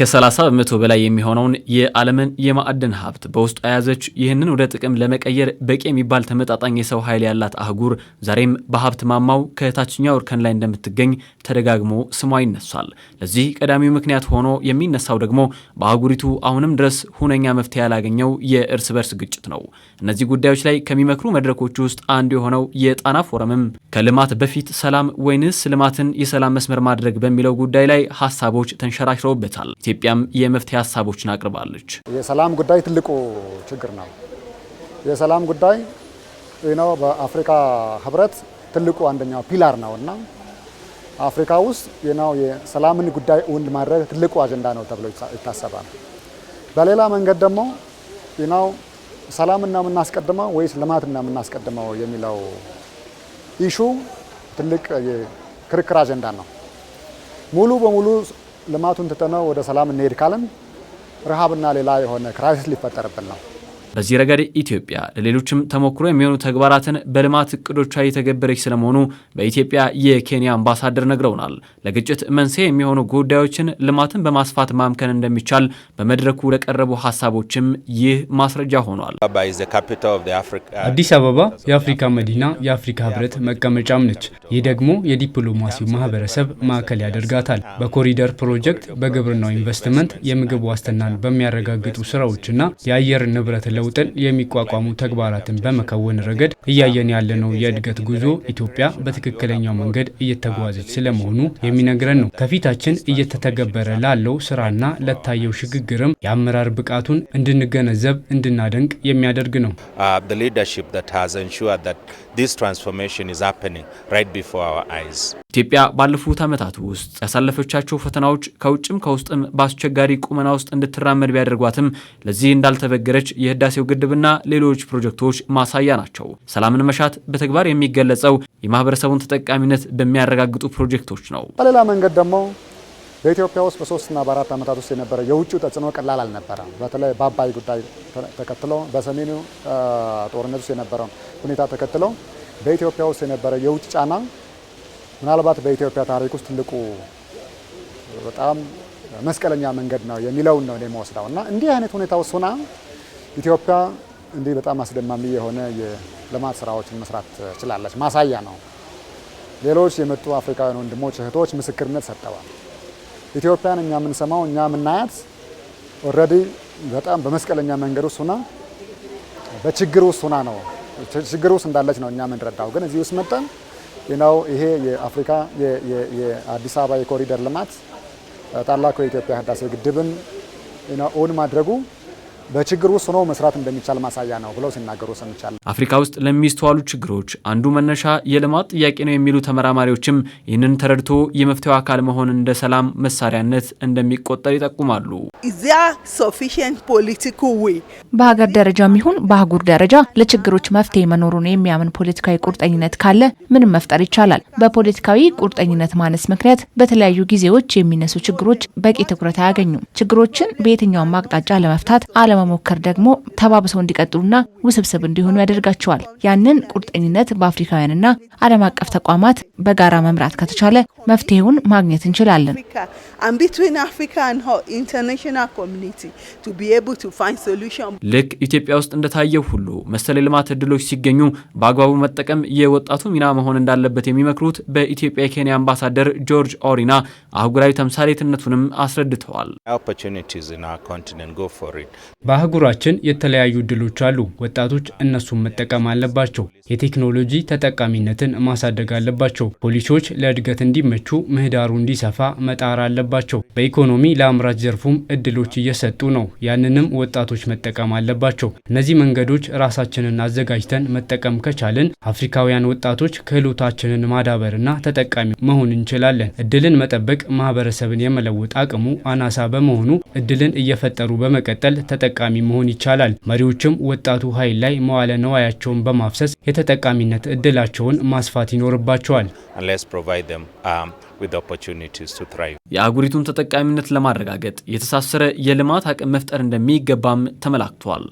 ከ30 በመቶ በላይ የሚሆነውን የዓለምን የማዕድን ሀብት በውስጡ የያዘች ይህንን ወደ ጥቅም ለመቀየር በቂ የሚባል ተመጣጣኝ የሰው ኃይል ያላት አህጉር ዛሬም በሀብት ማማው ከታችኛው እርከን ላይ እንደምትገኝ ተደጋግሞ ስሟ ይነሳል። ለዚህ ቀዳሚው ምክንያት ሆኖ የሚነሳው ደግሞ በአህጉሪቱ አሁንም ድረስ ሁነኛ መፍትሄ ያላገኘው የእርስ በርስ ግጭት ነው። እነዚህ ጉዳዮች ላይ ከሚመክሩ መድረኮች ውስጥ አንዱ የሆነው የጣና ፎረምም ከልማት በፊት ሰላም ወይንስ ልማትን የሰላም መስመር ማድረግ በሚለው ጉዳይ ላይ ሀሳቦች ተንሸራሽረውበታል። ኢትዮጵያም የመፍትሄ ሀሳቦችን አቅርባለች። የሰላም ጉዳይ ትልቁ ችግር ነው። የሰላም ጉዳይ ነው በአፍሪካ ህብረት ትልቁ አንደኛው ፒላር ነው እና አፍሪካ ውስጥ ነው የሰላምን ጉዳይ እውን ማድረግ ትልቁ አጀንዳ ነው ተብሎ ይታሰባል። በሌላ መንገድ ደግሞ ነው ሰላምና የምናስቀድመው ወይስ ልማትና የምናስቀድመው የሚለው ኢሹ ትልቅ የክርክር አጀንዳ ነው። ሙሉ በሙሉ ልማቱን ትተነው ወደ ሰላም እንሄድ ካለን ረሃብና ሌላ የሆነ ክራይሲስ ሊፈጠርብን ነው። በዚህ ረገድ ኢትዮጵያ ለሌሎችም ተሞክሮ የሚሆኑ ተግባራትን በልማት እቅዶቿ እየተገበረች ስለመሆኑ በኢትዮጵያ የኬንያ አምባሳደር ነግረውናል። ለግጭት መንስኤ የሚሆኑ ጉዳዮችን ልማትን በማስፋት ማምከን እንደሚቻል በመድረኩ ለቀረቡ ሀሳቦችም ይህ ማስረጃ ሆኗል። አዲስ አበባ የአፍሪካ መዲና፣ የአፍሪካ ህብረት መቀመጫም ነች። ይህ ደግሞ የዲፕሎማሲው ማህበረሰብ ማዕከል ያደርጋታል። በኮሪደር ፕሮጀክት፣ በግብርናው ኢንቨስትመንት፣ የምግብ ዋስትናን በሚያረጋግጡ ስራዎችና የአየር ንብረት ለውጥን የሚቋቋሙ ተግባራትን በመከወን ረገድ እያየን ያለነው የእድገት ጉዞ ኢትዮጵያ በትክክለኛው መንገድ እየተጓዘች ስለመሆኑ የሚነግረን ነው። ከፊታችን እየተተገበረ ላለው ስራና ለታየው ሽግግርም የአመራር ብቃቱን እንድንገነዘብ፣ እንድናደንቅ የሚያደርግ ነው። uh, ኢትዮጵያ ባለፉት ዓመታት ውስጥ ያሳለፈቻቸው ፈተናዎች ከውጭም ከውስጥም በአስቸጋሪ ቁመና ውስጥ እንድትራመድ ቢያደርጓትም ለዚህ እንዳልተበገረች የህዳሴ የህዳሴው ግድብና ሌሎች ፕሮጀክቶች ማሳያ ናቸው። ሰላምን መሻት በተግባር የሚገለጸው የማህበረሰቡን ተጠቃሚነት በሚያረጋግጡ ፕሮጀክቶች ነው። በሌላ መንገድ ደግሞ በኢትዮጵያ ውስጥ በሶስትና በአራት ዓመታት ውስጥ የነበረ የውጭ ተጽዕኖ ቀላል አልነበረ። በተለይ በአባይ ጉዳይ ተከትሎ በሰሜኑ ጦርነት ውስጥ የነበረው ሁኔታ ተከትሎ በኢትዮጵያ ውስጥ የነበረ የውጭ ጫና ምናልባት በኢትዮጵያ ታሪክ ውስጥ ትልቁ በጣም መስቀለኛ መንገድ ነው የሚለውን ነው እኔ እና እንዲህ አይነት ሁኔታ ውስጥ ሆና ኢትዮጵያ እንዲህ በጣም አስደማሚ የሆነ የልማት ስራዎችን መስራት ችላለች። ማሳያ ነው። ሌሎች የመጡ አፍሪካውያን ወንድሞች እህቶች ምስክርነት ሰጥተዋል። ኢትዮጵያን እኛ የምንሰማው እኛ የምናያት ኦልሬዲ በጣም በመስቀለኛ መንገድ ውስጥ ሆና በችግር ውስጥ ሆና ነው ችግር ውስጥ እንዳለች ነው እኛ የምንረዳው። ግን እዚህ ውስጥ መጠን ነው ይሄ የአፍሪካ የአዲስ አበባ የኮሪደር ልማት ታላቁ የኢትዮጵያ ህዳሴ ግድብን እውን ማድረጉ በችግር ውስጥ ሆኖ መስራት እንደሚቻል ማሳያ ነው ብለው ሲናገሩ ሰምቻለሁ። አፍሪካ ውስጥ ለሚስተዋሉ ችግሮች አንዱ መነሻ የልማት ጥያቄ ነው የሚሉ ተመራማሪዎችም ይህንን ተረድቶ የመፍትሄው አካል መሆን እንደ ሰላም መሳሪያነት እንደሚቆጠር ይጠቁማሉ። በሀገር ደረጃም ይሁን በአህጉር ደረጃ ለችግሮች መፍትሄ መኖሩን የሚያምን ፖለቲካዊ ቁርጠኝነት ካለ ምንም መፍጠር ይቻላል። በፖለቲካዊ ቁርጠኝነት ማነስ ምክንያት በተለያዩ ጊዜዎች የሚነሱ ችግሮች በቂ ትኩረት አያገኙም። ችግሮችን በየትኛውም አቅጣጫ ለመፍታት አለ በመሞከር ደግሞ ተባብሰው እንዲቀጥሉና ውስብስብ እንዲሆኑ ያደርጋቸዋል። ያንን ቁርጠኝነት በአፍሪካውያንና ዓለም አቀፍ ተቋማት በጋራ መምራት ከተቻለ መፍትሄውን ማግኘት እንችላለን። ልክ ኢትዮጵያ ውስጥ እንደታየው ሁሉ መሰል የልማት እድሎች ሲገኙ በአግባቡ መጠቀም የወጣቱ ሚና መሆን እንዳለበት የሚመክሩት በኢትዮጵያ የኬንያ አምባሳደር ጆርጅ ኦሪና አህጉራዊ ተምሳሌትነቱንም አስረድተዋል። በአህጉራችን የተለያዩ እድሎች አሉ። ወጣቶች እነሱን መጠቀም አለባቸው። የቴክኖሎጂ ተጠቃሚነትን ማሳደግ አለባቸው። ፖሊሲዎች ለእድገት እንዲመቹ፣ ምህዳሩ እንዲሰፋ መጣር አለባቸው። በኢኮኖሚ ለአምራች ዘርፉም እድሎች እየሰጡ ነው። ያንንም ወጣቶች መጠቀም አለባቸው። እነዚህ መንገዶች ራሳችንን አዘጋጅተን መጠቀም ከቻልን አፍሪካውያን ወጣቶች ክህሎታችንን ማዳበርና ተጠቃሚ መሆን እንችላለን። እድልን መጠበቅ ማህበረሰብን የመለወጥ አቅሙ አናሳ በመሆኑ እድልን እየፈጠሩ በመቀጠል ተጠ ተጠቃሚ መሆን ይቻላል። መሪዎችም ወጣቱ ኃይል ላይ መዋለ ነዋያቸውን በማፍሰስ የተጠቃሚነት እድላቸውን ማስፋት ይኖርባቸዋል። um, የአህጉሪቱን ተጠቃሚነት ለማረጋገጥ የተሳሰረ የልማት አቅም መፍጠር እንደሚገባም ተመላክቷል።